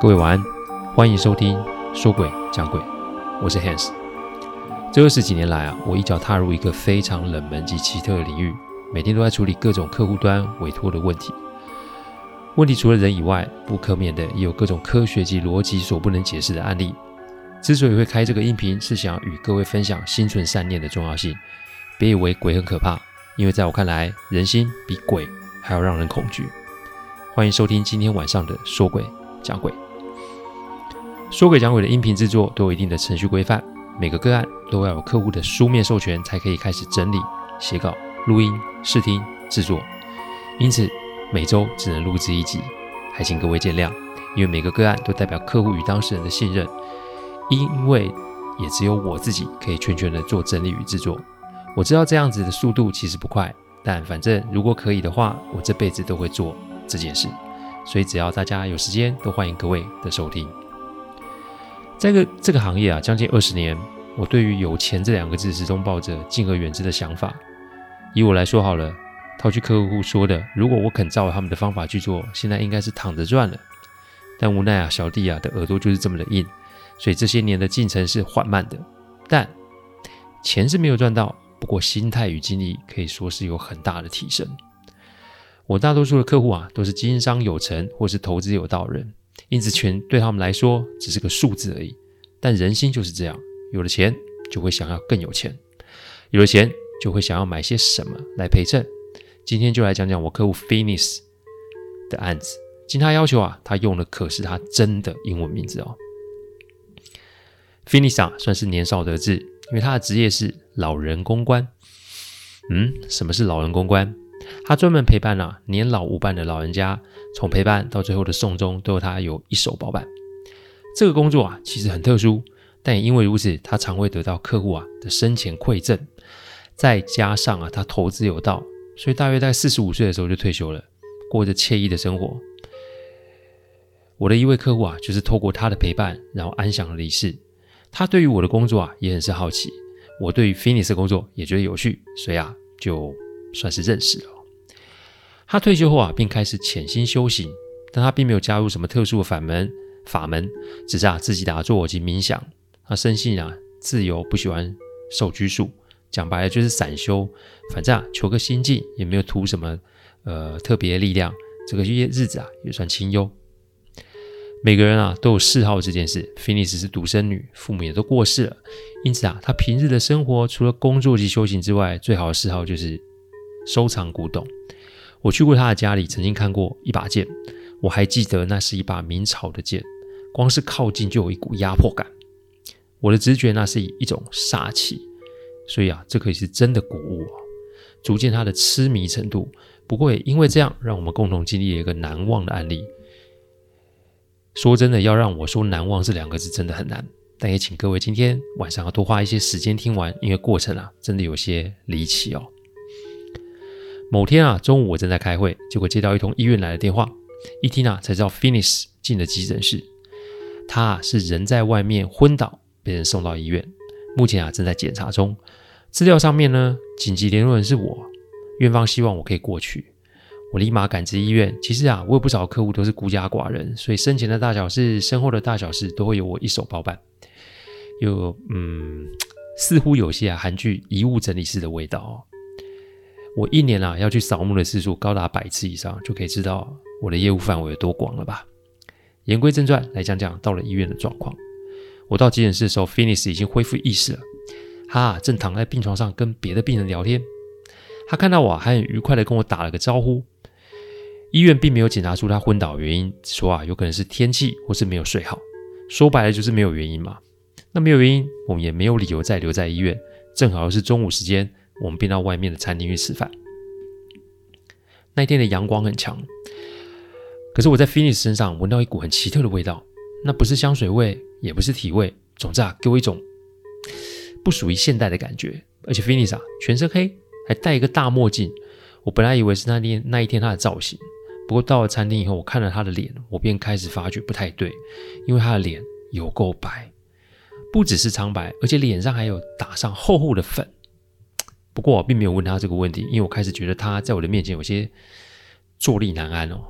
各位晚安，歡迎收聽《說鬼講鬼》，我是 Hans。這二十幾年來啊，我一腳踏入一個非常冷門及奇特的領域，每天都在處理各種客戶端委托的問題。問題除了人以外，不可避免的也有各種科學及邏輯所不能解釋的案例。之所以會開這個音頻，是想要與各位分享心存善念的重要性。別以為鬼很可怕，因為在我看來，人心比鬼還要讓人恐懼。歡迎收聽今天晚上的說鬼講鬼。說鬼講鬼的音頻製作都有一定的程序規範，每個個案都要有客戶的書面授權才可以開始整理、寫稿、錄音、試聽、製作。因此每周只能錄製一集，還請各位見諒。因為每個個案都代表客戶與當事人的信任，因為也只有我自己可以全權的做整理與製作。我知道這樣子的速度其實不快，但反正如果可以的話，我這輩子都會做這件事，所以只要大家有時間，都歡迎各位的收聽。在個這個行業啊，將近二十年，我對於“有錢”這兩個字，始終抱着敬而遠之的想法。以我來說好了，套句客戶說的，如果我肯照他們的方法去做，現在應該是躺着賺了。但無奈啊，小弟啊的耳朵就是這麼的硬，所以這些年的進程是緩慢的。但錢是沒有賺到，不過心態與精力可以說是有很大的提升。我大多數的客戶啊，都是經商有成或是投資有道人，因此錢對他們來說只是個數字而已。但人心就是這樣，有了錢就會想要更有錢，有了錢就會想要買些什麼來陪襯。今天就來講講我客戶 Phoenix 的案子。經他要求啊，他用的可是他真的英文名字哦。Phoenix 啊，算是年少得志，因為他的職業是老人公關。嗯，什麼是老人公關？他專門陪伴了、啊、年老無伴的老人家，從陪伴到最後的送終，都有他有一手包辦。這個工作啊，其實很特殊，但也因為如此，他常會得到客戶啊的生前饋贈。再加上啊，他投資有道，所以大約在四十五歲的時候就退休了，過着愜意的生活。我的一位客戶啊，就是透過他的陪伴，然後安詳的離世。他對於我的工作啊，也很是好奇。我對於 Phoenix 的工作也覺得有趣，所以啊，就算是認識了。他退休後啊，便開始潛心修行，但他並沒有加入什麼特殊的法門法門，只是啊自己打坐及冥想。他生性啊自由，不喜歡受拘束，講白了就是散修。反正啊求個心境，也沒有圖什麼呃特別的力量。這個日子啊也算清幽。每個人啊都有嗜好這件事，Phoenix 是獨生女，父母也都過世了，因此啊他平日的生活除了工作及修行之外，最好的嗜好就是收藏古董。我去過他的家裡，曾經看過一把劍，我還記得那是一把明朝的劍，光是靠近就有一股壓迫感。我的直覺那是一種殺氣，所以啊，這可以是真的古物啊，足見他的癡迷程度。不過也因為這樣，讓我們共同經歷了一個難忘的案例。說真的，要讓我說“難忘”這兩個字真的很難，但也請各位今天晚上要多花一些時間聽完，因為過程啊，真的有些離奇哦。某天啊，中午我正在開會，結果接到一通醫院來的電話，一聽啊才知道 Phoenix 進了急診室。他啊是人在外面昏倒，被人送到醫院，目前啊正在檢查中。資料上面呢，緊急聯絡人是我，院方希望我可以過去。我立馬趕至醫院。其實啊，我有不少客戶都是孤家寡人，所以生前的大小事、身後的大小事，都會由我一手包辦。有嗯，似乎有些啊韓劇遺物整理師的味道。我一年啊要去掃墓的次數高達百次以上，就可以知道我的業務範圍有多廣了吧？言歸正傳，來講講到了醫院的狀況。我到急診室的時候，Phoenix 已經恢復意識了，他、啊、正躺在病床上跟別的病人聊天。他看到我、啊，還很愉快地跟我打了個招呼。醫院並沒有檢查出他昏倒的原因，說啊有可能是天氣或是沒有睡好，說白了就是沒有原因嘛。那沒有原因，我們也沒有理由再留在醫院。正好是中午時間。我們便到外面的餐廳去吃飯。那一天的陽光很強，可是我在 Phoenix 身上聞到一股很奇特的味道，那不是香水味，也不是體味，總之啊，給我一種不屬於現代的感覺。而且 Phoenix 啊，全身黑，還戴一個大墨鏡。我本來以為是那天那一天他的造型，不過到了餐廳以後，我看了他的臉，我便開始發覺不太對，因為他的臉有夠白，不只是蒼白，而且臉上還有打上厚厚的粉。不過我並沒有問他這個問題，因為我開始覺得他在我的面前有些坐立難安哦，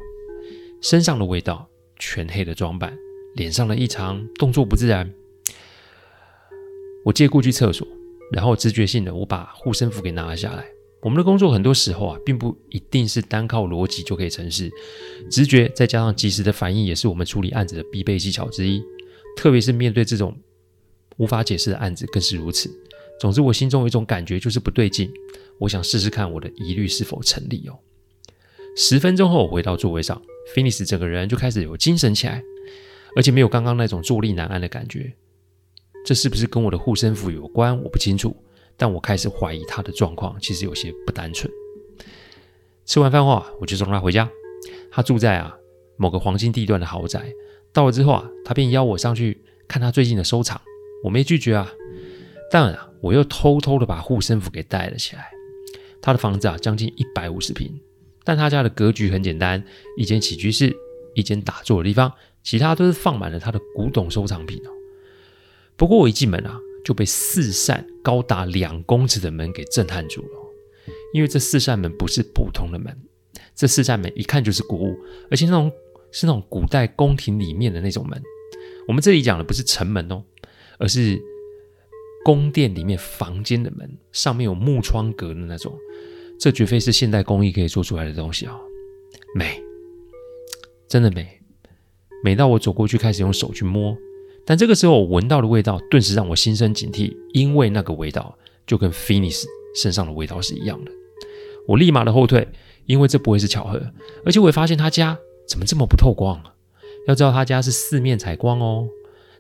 身上的味道，全黑的裝扮，臉上的異常，動作不自然。我借故去廁所，然後直覺性的我把護身符給拿了下來。我們的工作很多時候啊，並不一定是單靠邏輯就可以成事，直覺再加上及時的反應，也是我們處理案子的必備技巧之一。特別是面對這種無法解釋的案子，更是如此。總之，我心中有一種感覺，就是不對勁。我想試試看我的疑慮是否成立哦。十分鐘後，我回到座位上，Phoenix 整個人就開始有精神起來，而且沒有剛剛那種坐立難安的感覺。這是不是跟我的護身符有關？我不清楚，但我開始懷疑他的狀況其實有些不單純。吃完飯後啊，我就送他回家。他住在啊某個黃金地段的豪宅。到了之後啊，他便邀我上去看他最近的收藏。我沒拒絕啊。當然啊，我又偷偷的把護身符給帶了起來。他的房子啊，將近一百五十平，但他家的格局很簡單：一間起居室，一間打坐的地方，其他都是放滿了他的古董收藏品哦。不過我一進門啊，就被四扇高達兩公尺的門給震撼住了哦。因為這四扇門不是普通的門，這四扇門一看就是古物，而且那種是那種古代宮廷裡面的那種門。我們這裡講的不是城門哦，而是。宮殿裡面房間的門上面有木窗格的那種，這絕非是現代工藝可以做出來的東西哦。美，真的美，美到我走過去開始用手去摸，但這個時候我聞到的味道頓時讓我心生警惕，因為那個味道就跟 Phoenix 身上的味道是一樣的。我立馬的後退，因為這不會是巧合，而且我也發現他家怎麼這麼不透光啊？要知道他家是四面採光哦。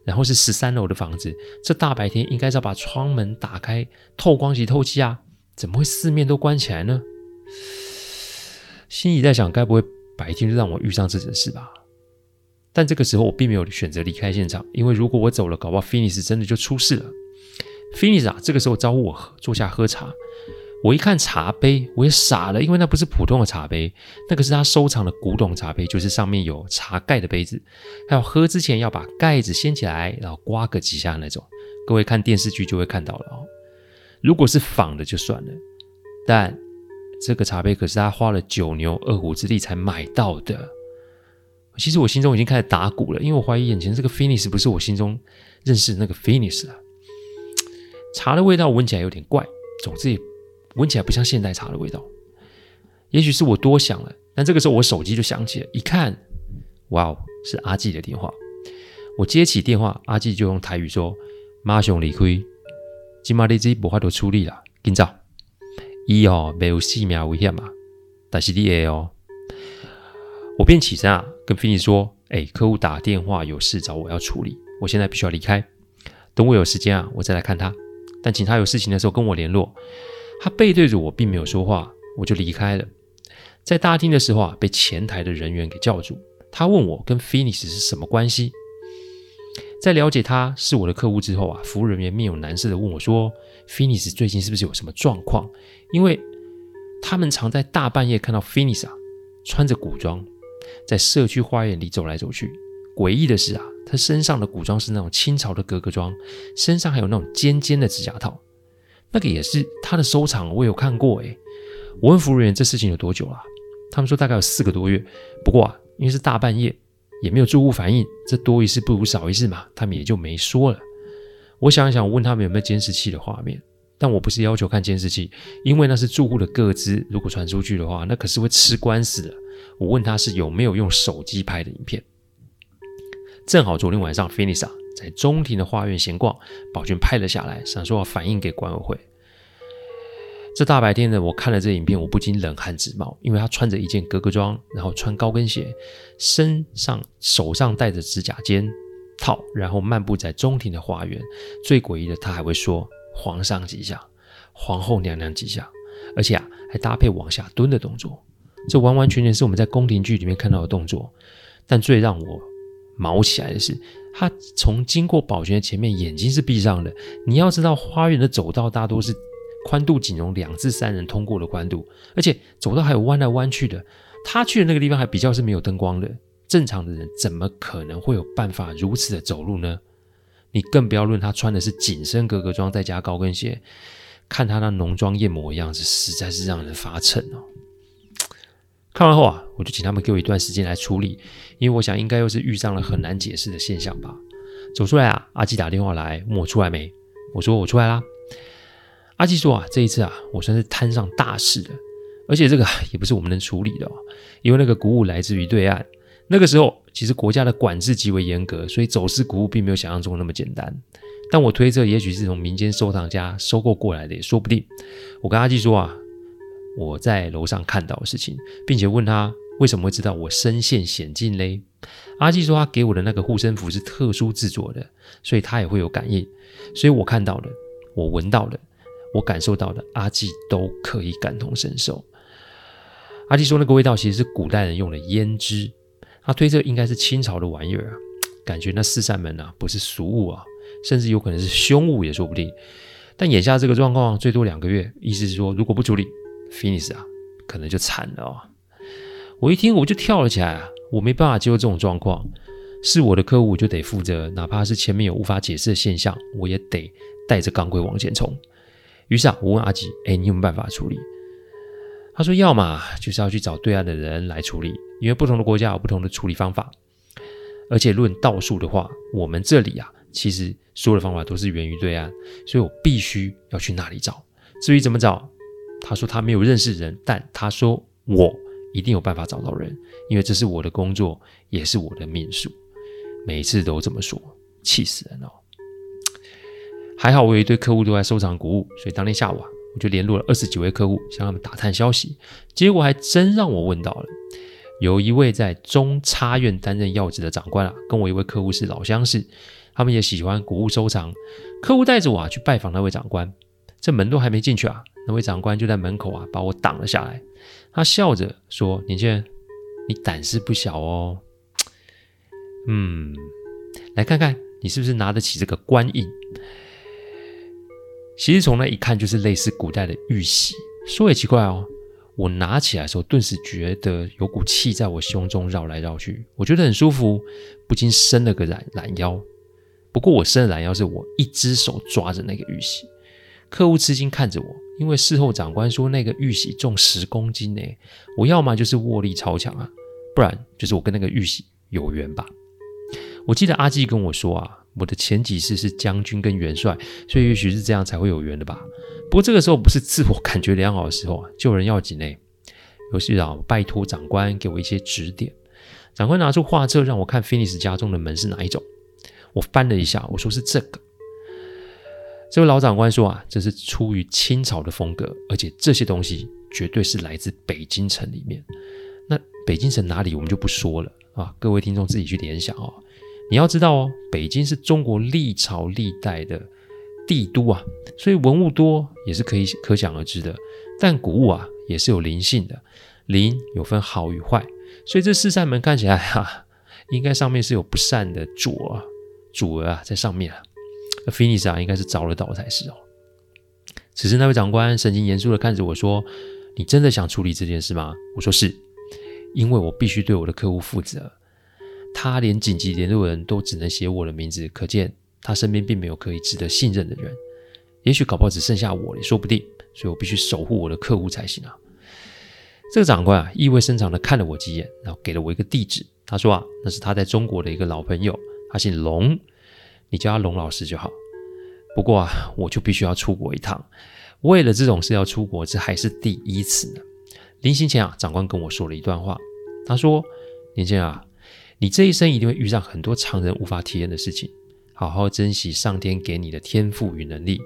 然後是十三樓的房子，這大白天應該是要把窗門打開透光及透氣啊，怎麼會四面都關起來呢？心裡在想，該不會白天就讓我遇上這種事吧？但這個時候我並沒有選擇離開現場，因為如果我走了，搞不好 Phoenix 真的就出事了。Phoenix 啊，這個時候招呼我喝坐下喝茶。我一看茶杯，我也傻了。因為那不是普通的茶杯，那個是他收藏的古董茶杯，就是上面有茶蓋的杯子，還有喝之前要把蓋子掀起來，然後刮個幾下那種。各位看電視劇就會看到了哦。如果是仿的就算了，但這個茶杯可是他花了九牛二虎之力才買到的。其實我心中已經開始打鼓了，因為我懷疑眼前這個 Phoenix 不是我心中認識的那個 Phoenix 了、啊。茶的味道聞起來有點怪，總之也。聞起來不像現代茶的味道，也許是我多想了。但這個時候我手機就響起了，一看，哇哦，是阿季的電話。我接起電話，阿季就用台語說：“馬上離開，今晚的自己不花都處理了，緊走，一哦沒有細苗危險嘛，但是 c d 哦我便起身啊，跟 Phoenix 說：“哎、欸，客戶打電話有事找我要處理，我現在必須要離開，等我有時間啊，我再來看他。但請他有事情的時候跟我聯絡。”他背對着我，並沒有說話，我就離開了。在大廳的時候啊，被前台的人員給叫住。他問我跟 Phoenix 是什麼關係。在了解他是我的客戶之後啊，服務人員面有難色的問我說：“Phoenix 最近是不是有什麼狀況？因為他們常在大半夜看到 Phoenix 啊，穿着古裝，在社區花園裡走來走去。詭異的是啊，他身上的古裝是那種清朝的格格裝，身上還有那種尖尖的指甲套。”那個也是他的收藏，我有看過誒，我問服務員這事情有多久了，他們說大概有四個多月。不過啊，因為是大半夜，也沒有住戶反應，這多一事不如少一事嘛，他們也就沒說了。我想一想，我問他們有沒有監視器的畫面，但我不是要求看監視器，因為那是住戶的個資，如果傳出去的話，那可是會吃官司的。我問他是有沒有用手機拍的影片，正好昨天晚上 Phoenix、啊。在中庭的花園閒逛，保全拍了下來，想說要反映給管委會。這大白天的，我看了這影片，我不禁冷汗直冒，因為她穿着一件格格裝，然後穿高跟鞋，身上手上戴着指甲尖套，然後漫步在中庭的花園。最詭異的，她還會說皇上吉祥、皇後娘娘吉祥，而且啊，還搭配往下蹲的動作。這完完全全是我們在宮廷劇裡面看到的動作。但最讓我毛起來的是。他從經過保全的前面，眼睛是閉上的。你要知道，花園的走道大多是寬度僅容兩至三人通過的寬度，而且走道還有彎來彎去的。他去的那個地方還比較是沒有燈光的。正常的人怎麼可能會有辦法如此的走路呢？你更不要論他穿的是緊身格格裝，再加高跟鞋，看他那濃妝豔抹的樣子，實在是讓人發沉哦。看完後啊，我就請他們給我一段時間來處理。因為我想，應該又是遇上了很難解釋的現象吧。走出來啊，阿基打電話來，問我出來沒？我說我出來啦。阿基說啊，這一次啊，我算是攤上大事了，而且這個也不是我們能處理的哦，因為那個古物來自於對岸。那個時候，其實國家的管制極為嚴格，所以走私古物並沒有想象中那麼簡單。但我推測，也許是從民間收藏家收購過來的，也說不定。我跟阿基說啊，我在樓上看到的事情，並且問他。為什麼會知道我身陷險境嘞？阿紀說他給我的那個護身符是特殊制作的，所以他也會有感應。所以我看到的，我聞到的，我感受到的，阿紀都可以感同身受。阿紀說那個味道其實是古代人用的胭脂，他推測應該是清朝的玩意兒。感覺那四扇門啊，不是俗物啊，甚至有可能是凶物也說不定。但眼下這個狀況，最多兩個月，意思是說如果不處理，Phoenix 啊，可能就慘了哦。我一聽我就跳了起來啊！我沒辦法接受這種狀況，是我的客戶，我就得負責。哪怕是前面有無法解釋的現象，我也得帶着鋼盔往前衝。於是啊，我問阿吉：“哎，你有沒有辦法處理？”他說要嘛：“要麼就是要去找對岸的人來處理，因為不同的國家有不同的處理方法。而且論道術的話，我們這裡啊，其實所有的方法都是源於對岸，所以我必須要去那裡找。至於怎麼找，他說他沒有認識人，但他說我。”一定有辦法找到人，因為這是我的工作，也是我的命數。每次都這麼說，氣死人了、哦。還好我有一堆客戶都在收藏古物，所以當天下午啊，我就聯絡了二十幾位客戶，向他們打探消息。結果還真讓我問到了，有一位在中差院擔任要職的長官啊，跟我一位客戶是老相識，他們也喜歡古物收藏。客戶帶着我、啊、去拜訪那位長官，這門都還沒進去啊，那位長官就在門口啊把我擋了下來。他笑着說：“年輕人，你膽識不小哦，嗯，來看看你是不是拿得起這個官印。其實從那一看，就是類似古代的玉璽。說也奇怪哦，我拿起來的時候，頓時覺得有股氣在我胸中繞來繞去，我覺得很舒服，不禁伸了個懶懶腰。不過我伸懶腰是我一隻手抓着那個玉璽，客戶吃驚看着我。”因為事後長官說那個玉璽重十公斤呢，我要麼就是握力超強啊，不然就是我跟那個玉璽有緣吧。我記得阿紀跟我說啊，我的前幾世是將軍跟元帥，所以也許是這樣才會有緣的吧。不過這個時候不是自我感覺良好的時候啊，救人要緊呢。有事啊，拜託長官給我一些指點。長官拿出畫冊讓我看，Phoenix 家中的門是哪一種？我翻了一下，我說是這個。這位老長官說啊，這是出於清朝的風格，而且這些東西絕對是來自北京城裡面。那北京城哪裡，我們就不說了啊，各位聽眾自己去聯想哦。你要知道哦，北京是中國歷朝歷代的帝都啊，所以文物多也是可以可想而知的。但古物啊，也是有靈性的，靈有分好與壞，所以這四扇門看起來啊，應該上面是有不善的主主兒啊在上面啊。Phoenix 啊，應該是找得到才是哦。此時，那位長官神情嚴肅的看着我說：“你真的想處理這件事嗎？”我說是：“是因為我必須對我的客戶負責。他連緊急聯絡人都只能寫我的名字，可見他身邊並沒有可以值得信任的人。也許搞不好只剩下我，也說不定。所以我必須守護我的客戶才行啊。”這個長官啊，意味深長的看了我幾眼，然後給了我一個地址。他說：“啊，那是他在中國的一個老朋友，他姓龍。”你叫他龍老師就好。不過啊，我就必須要出國一趟。為了這種事要出國，這還是第一次呢。臨行前啊，長官跟我說了一段話。他說：“年輕啊，你這一生一定會遇上很多常人無法體驗的事情，好好珍惜上天給你的天賦與能力。”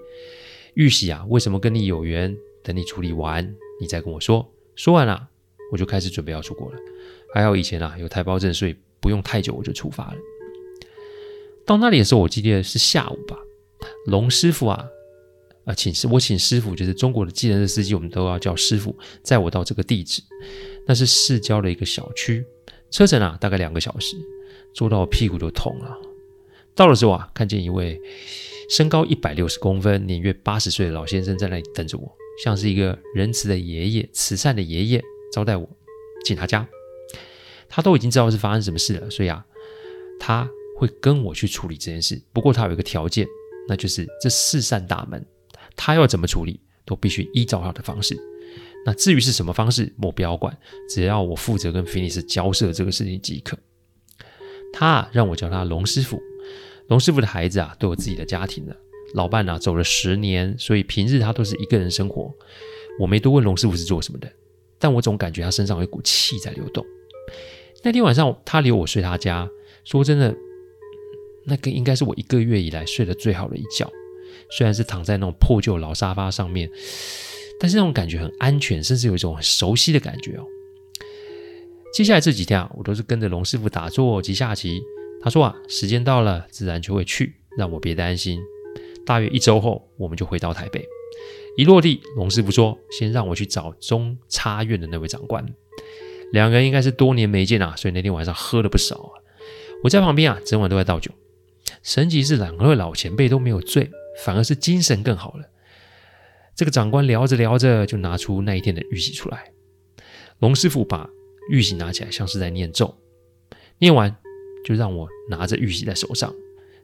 玉璽啊，為什麼跟你有緣？等你處理完，你再跟我說。說完了，我就開始準備要出國了。還好以前啊有台胞證，所以不用太久我就出發了。到那裡的時候，我記得是下午吧。龍師傅啊，啊，請我請師傅，就是中國的計程車司機，我們都要叫師傅載我到這個地址。那是市郊的一個小區，車程啊大概兩個小時，坐到我屁股就痛了。到了之後啊，看見一位身高一百六十公分，年約八十歲的老先生在那裡等着我，像是一個仁慈的爺爺，慈善的爺爺招待我，進他家。他都已經知道是發生什麼事了，所以啊，他。會跟我去處理這件事，不過他有一個條件，那就是這四扇大門，他要怎麼處理都必須依照他的方式。那至於是什麼方式，我不要管，只要我負責跟 Phoenix 交涉這個事情即可。他、啊、讓我叫他龍師傅，龍師傅的孩子啊都有自己的家庭了，啊，老伴呢，啊、走了十年，所以平日他都是一個人生活。我沒多問龍師傅是做什麼的，但我總感覺他身上有一股氣在流動。那天晚上，他留我睡他家，說真的。那個應該是我一個月以來睡得最好的一覺，雖然是躺在那種破舊老沙發上面，但是那種感覺很安全，甚至有一種很熟悉的感覺哦。接下來這幾天啊，我都是跟着龍師傅打坐及下棋。他說啊，時間到了自然就會去，讓我別擔心。大約一週後，我們就回到台北。一落地，龍師傅說：“先讓我去找中差院的那位長官。”兩個人應該是多年沒見啊，所以那天晚上喝了不少啊。我在旁邊啊，整晚都在倒酒。神奇是，兩位老前輩都沒有醉，反而是精神更好了。這個長官聊着聊着，就拿出那一天的玉玺出來。龍師傅把玉玺拿起來，像是在念咒，念完就讓我拿着玉玺在手上。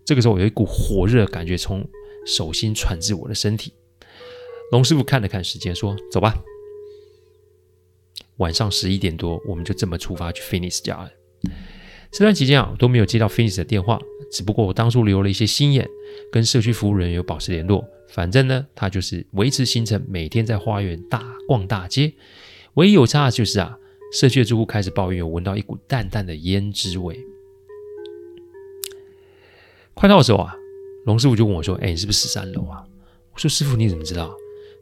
這個時候，有一股火熱感覺從手心傳至我的身體。龍師傅看了看時間，說：“走吧。”晚上十一點多，我們就這麼出發去 Phoenix 家了。這段期間啊，我都沒有接到 Phoenix 的電話。只不過我當初留了一些心眼，跟社區服務人員保持聯絡。反正呢，他就是維持行程，每天在花園大逛大街。唯一有差的就是啊，社區的住戶開始抱怨，我聞到一股淡淡的胭脂味。快到的時候啊，龍師傅就問我說：“誒，你是不是十三樓啊？”我說：“師傅，你怎麼知道？”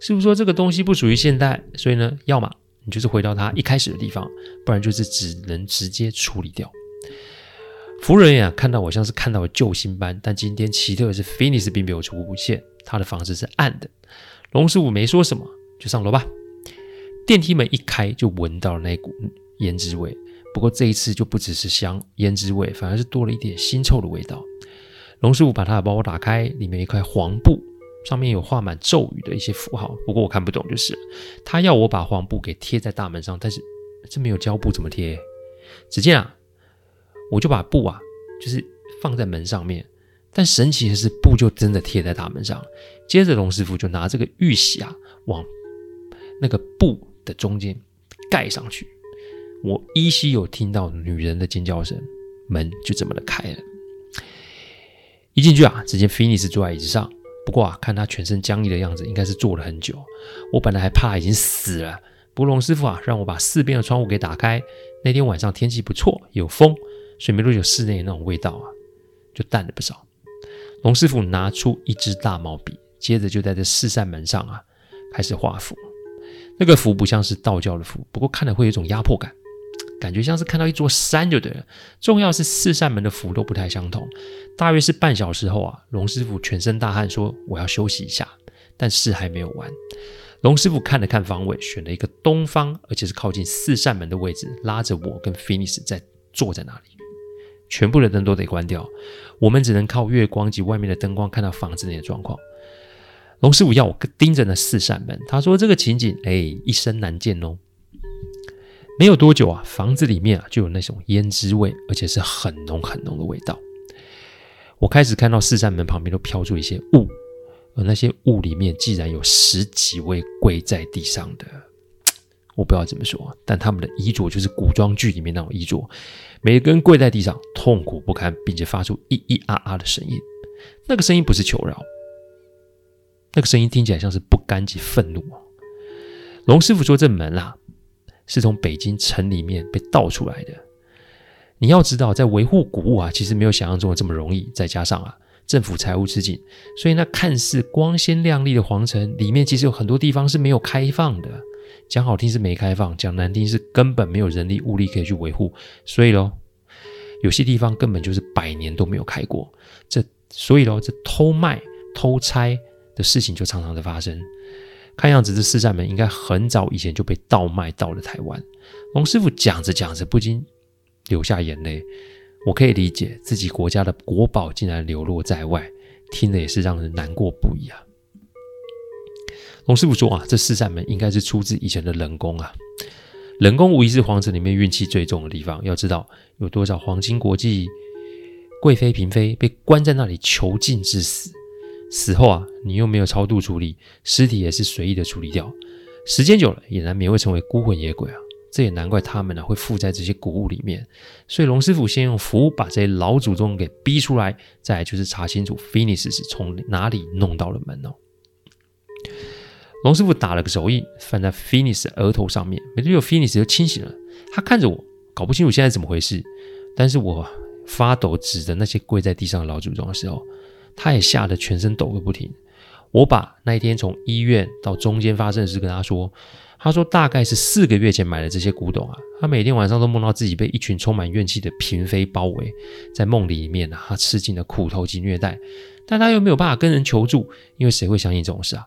師傅說：“這個東西不屬於現代，所以呢，要麼你就是回到它一開始的地方，不然就是只能直接處理掉。”服務人員啊，看到我好像是看到了救星般。但今天奇特的是 Phoenix 並沒有出現，他的房子是暗的。龍師傅沒說什麼，就上樓吧。電梯門一開，就聞到了那股胭脂味。不過這一次就不只是香胭脂味，反而是多了一點腥臭的味道。龍師傅把他的包打開，裡面一塊黃布，上面有畫滿咒語的一些符號，不過我看不懂。就是他要我把黃布給貼在大門上，但是這沒有膠布，怎麼貼？只見啊。我就把布啊，就是放在門上面，但神奇的是，布就真的貼在大門上。接着，龍師傅就拿這個玉璽啊，往那個布的中間蓋上去。我依稀有聽到女人的尖叫聲，門就這麼的開了。一進去啊，只見 Phoenix 坐在椅子上，不過啊，看他全身僵硬的樣子，應該是坐了很久。我本來還怕已經死了。不過龍師傅啊，讓我把四邊的窗戶給打開。那天晚上天氣不錯，有風。所以沒多久，室內的那種味道啊，就淡了不少。龍師傅拿出一支大毛筆，接着就在這四扇門上啊，開始畫符。那個符不像是道教的符，不過看了會有一種壓迫感，感覺像是看到一座山就對了。重要是四扇門的符都不太相同。大約是半小時後啊，龍師傅全身大汗，說：“我要休息一下。”但事還沒有完。龍師傅看了看方位，選了一個東方，而且是靠近四扇門的位置，拉着我跟 Phoenix 在坐在那裡。全部的燈都得關掉，我們只能靠月光及外面的燈光看到房子內的狀況。龍師傅要我盯着那四扇門，他說這個情景哎，一生難見哦。沒有多久啊，房子裡面啊就有那種胭脂味，而且是很濃很濃的味道。我開始看到四扇門旁邊都飄出一些霧，而那些霧裡面竟然有十幾位跪在地上的。我不知道怎麼說，但他們的衣着就是古裝劇裡面那種衣着。每個人跪在地上，痛苦不堪，並且發出咿咿啊啊的聲音。那個聲音不是求饒，那個聲音聽起來像是不甘及憤怒。龍師傅說：“這門啊，是從北京城裡面被盜出來的。你要知道，在維護古物啊，其實沒有想象中的這麼容易。再加上啊，政府財務吃緊，所以那看似光鮮亮麗的皇城裡面，其實有很多地方是沒有開放的。”講好聽是沒開放，講難聽是根本沒有人力物力可以去維護，所以咯，有些地方根本就是百年都沒有開過，這所以咯，這偷賣、偷拆的事情就常常的發生。看樣子這四扇門應該很早以前就被盜賣到了台灣。龍師傅講着講着不禁流下眼淚，我可以理解自己國家的國寶竟然流落在外，聽了也是讓人難過不已啊。龍師傅說啊，這四扇門應該是出自以前的冷宮。啊。冷宮無疑是皇城裡面運氣最重的地方。要知道，有多少皇親國戚、貴妃嬪妃被關在那裡囚禁致死，死後啊，你又沒有超度處理，屍體也是隨意的處理掉，時間久了，也難免會成為孤魂野鬼啊。這也難怪他們呢、啊、會附在這些古物裡面。所以龍師傅先用符把這些老祖宗給逼出來，再來就是查清楚 Phoenix 是從哪裡弄到了門哦。龍師傅打了個手印，放在 Phoenix 的額頭上面。沒多久，Phoenix 就清醒了。他看着我，搞不清楚現在怎麼回事。但是我、啊、發抖指着那些跪在地上的老祖宗的時候，他也嚇得全身抖個不停。我把那一天從醫院到中間發生的事跟他說。他說大概是四個月前買的這些古董啊。他每天晚上都夢到自己被一群充滿怨氣的嬪妃包圍，在夢裡面啊，他吃盡了苦頭及虐待，但他又沒有辦法跟人求助，因為誰會相信這種事啊？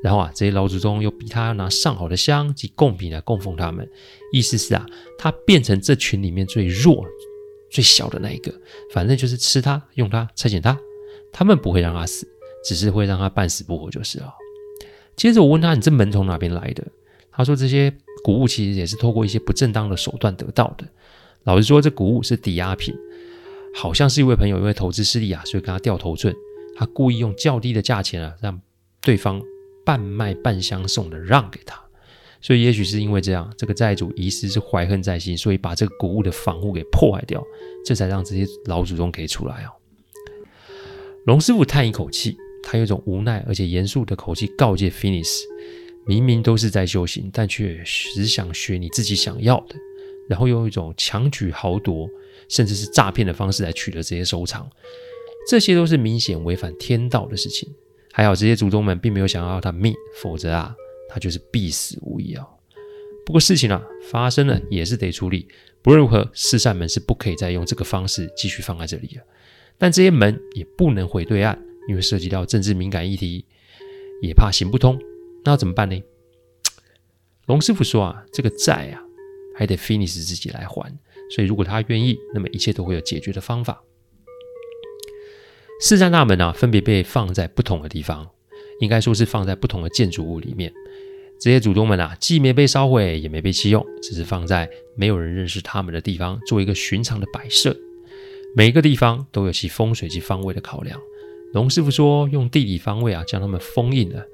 然後啊，這些老祖宗又逼他要拿上好的香及貢品來供奉他們，意思是啊，他變成這群裡面最弱、最小的那一個，反正就是吃他、用他、差遣他，他們不會讓他死，只是會讓他半死不活就是了。接着我問他：“你這門從哪邊來的？”他說：“這些古物其實也是透過一些不正當的手段得到的。老實說，這古物是抵押品，好像是一位朋友因為投資失利啊，所以跟他掉頭寸，他故意用較低的價錢啊，讓對方。”半賣半相送的讓給他，所以也許是因為這樣，這個債主疑似是懷恨在心，所以把這個古物的防護給破壞掉，這才讓這些老祖宗可以出來哦。龍師傅嘆一口氣，他有一種無奈而且嚴肅的口氣告誡 Phoenix：明明都是在修行，但卻只想學你自己想要的，然後用一種強取豪奪甚至是詐騙的方式來取得這些收藏，這些都是明顯違反天道的事情。還好這些祖宗們並沒有想要他命，否則啊他就是必死無疑哦。不過事情啊發生了也是得處理，不論如何，四扇門是不可以再用這個方式繼續放在這裡了。但這些門也不能回對岸，因為涉及到政治敏感議題，也怕行不通。那要怎麼辦呢？龍師傅說啊，這個債啊還得 Phoenix 自己來還，所以如果他願意，那麼一切都會有解決的方法。四扇大門啊，分別被放在不同的地方，應該說是放在不同的建築物裡面。這些祖宗們啊，既沒被燒毀，也沒被棄用，只是放在沒有人認識他們的地方，做一個尋常的擺設。每一個地方都有其風水及方位的考量。龍師傅說，用地理方位啊，將他們封印了。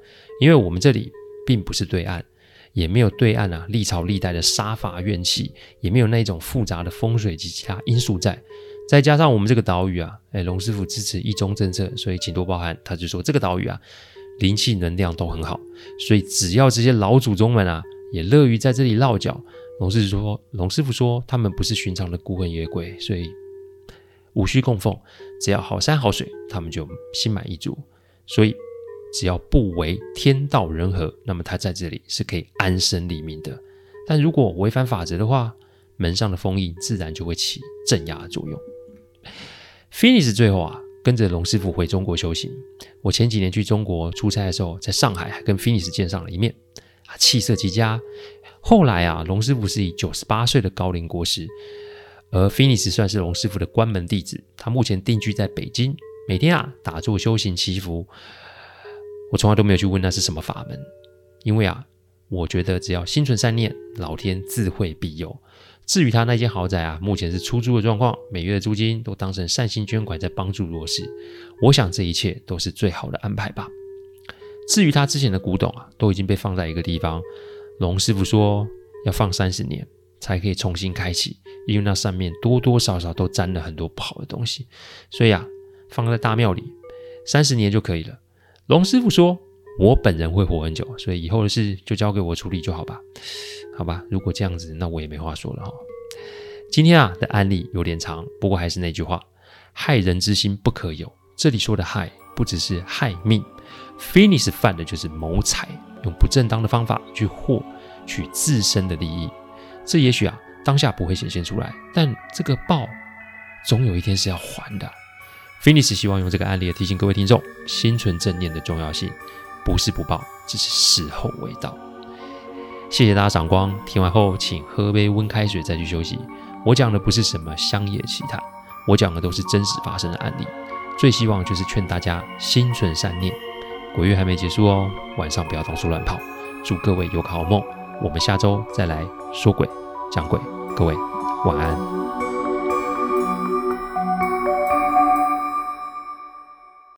因為我們這裡並不是對岸，也沒有對岸啊，歷朝歷代的殺伐怨氣，也沒有那種複雜的風水及其他因素在。再加上我們這個島嶼啊，哎，龍師傅支持一中政策，所以請多包涵。他就說這個島嶼啊，靈氣能量都很好，所以只要這些老祖宗們啊，也樂於在這裡落腳。龍師傅說，龍師傅說，他們不是尋常的孤魂野鬼，所以無需供奉，只要好山好水，他們就心滿意足。所以只要不違天道人和，那麼他在這裡是可以安身立命的。但如果違反法則的話，門上的封印自然就會起鎮壓的作用。f 尼 n i 最後啊，跟着龍師傅回中國修行。我前幾年去中國出差的時候，在上海還跟 f 尼 n i 見上了一面，啊，氣色極佳。後來啊，龍師傅是以九十八歲的高齡過世，而 f 尼 n i 算是龍師傅的關門弟子，他目前定居在北京，每天啊打坐修行祈福。我從來都沒有去問那是什麼法門，因為啊，我覺得只要心存善念，老天自會庇佑。至於他那間豪宅啊，目前是出租的狀況，每月的租金都當成善心捐款在幫助弱勢。我想這一切都是最好的安排吧。至於他之前的古董啊，都已經被放在一個地方。龍師傅說要放三十年才可以重新開啟，因為那上面多多少少都沾了很多不好的東西，所以啊，放在大廟裡三十年就可以了。龍師傅說，我本人會活很久，所以以後的事就交給我處理就好吧。好吧，如果這樣子，那我也沒話說了哈。今天啊的案例有點長，不過還是那句話，害人之心不可有。這裡說的害，不只是害命，Phoenix 犯的就是謀財，用不正當的方法去獲取自身的利益。這也許啊當下不會顯現出來，但這個報總有一天是要還的。Phoenix 希望用這個案例來提醒各位聽眾，心存正念的重要性，不是不報，只是時候未到。謝謝大家賞光。聽完後，請喝杯溫開水再去休息。我講的不是什麼鄉野奇談，我講的都是真實發生的案例。最希望就是勸大家心存善念。鬼月還沒結束哦，晚上不要到處亂跑。祝各位有個好夢。我們下周再來說鬼講鬼。各位晚安。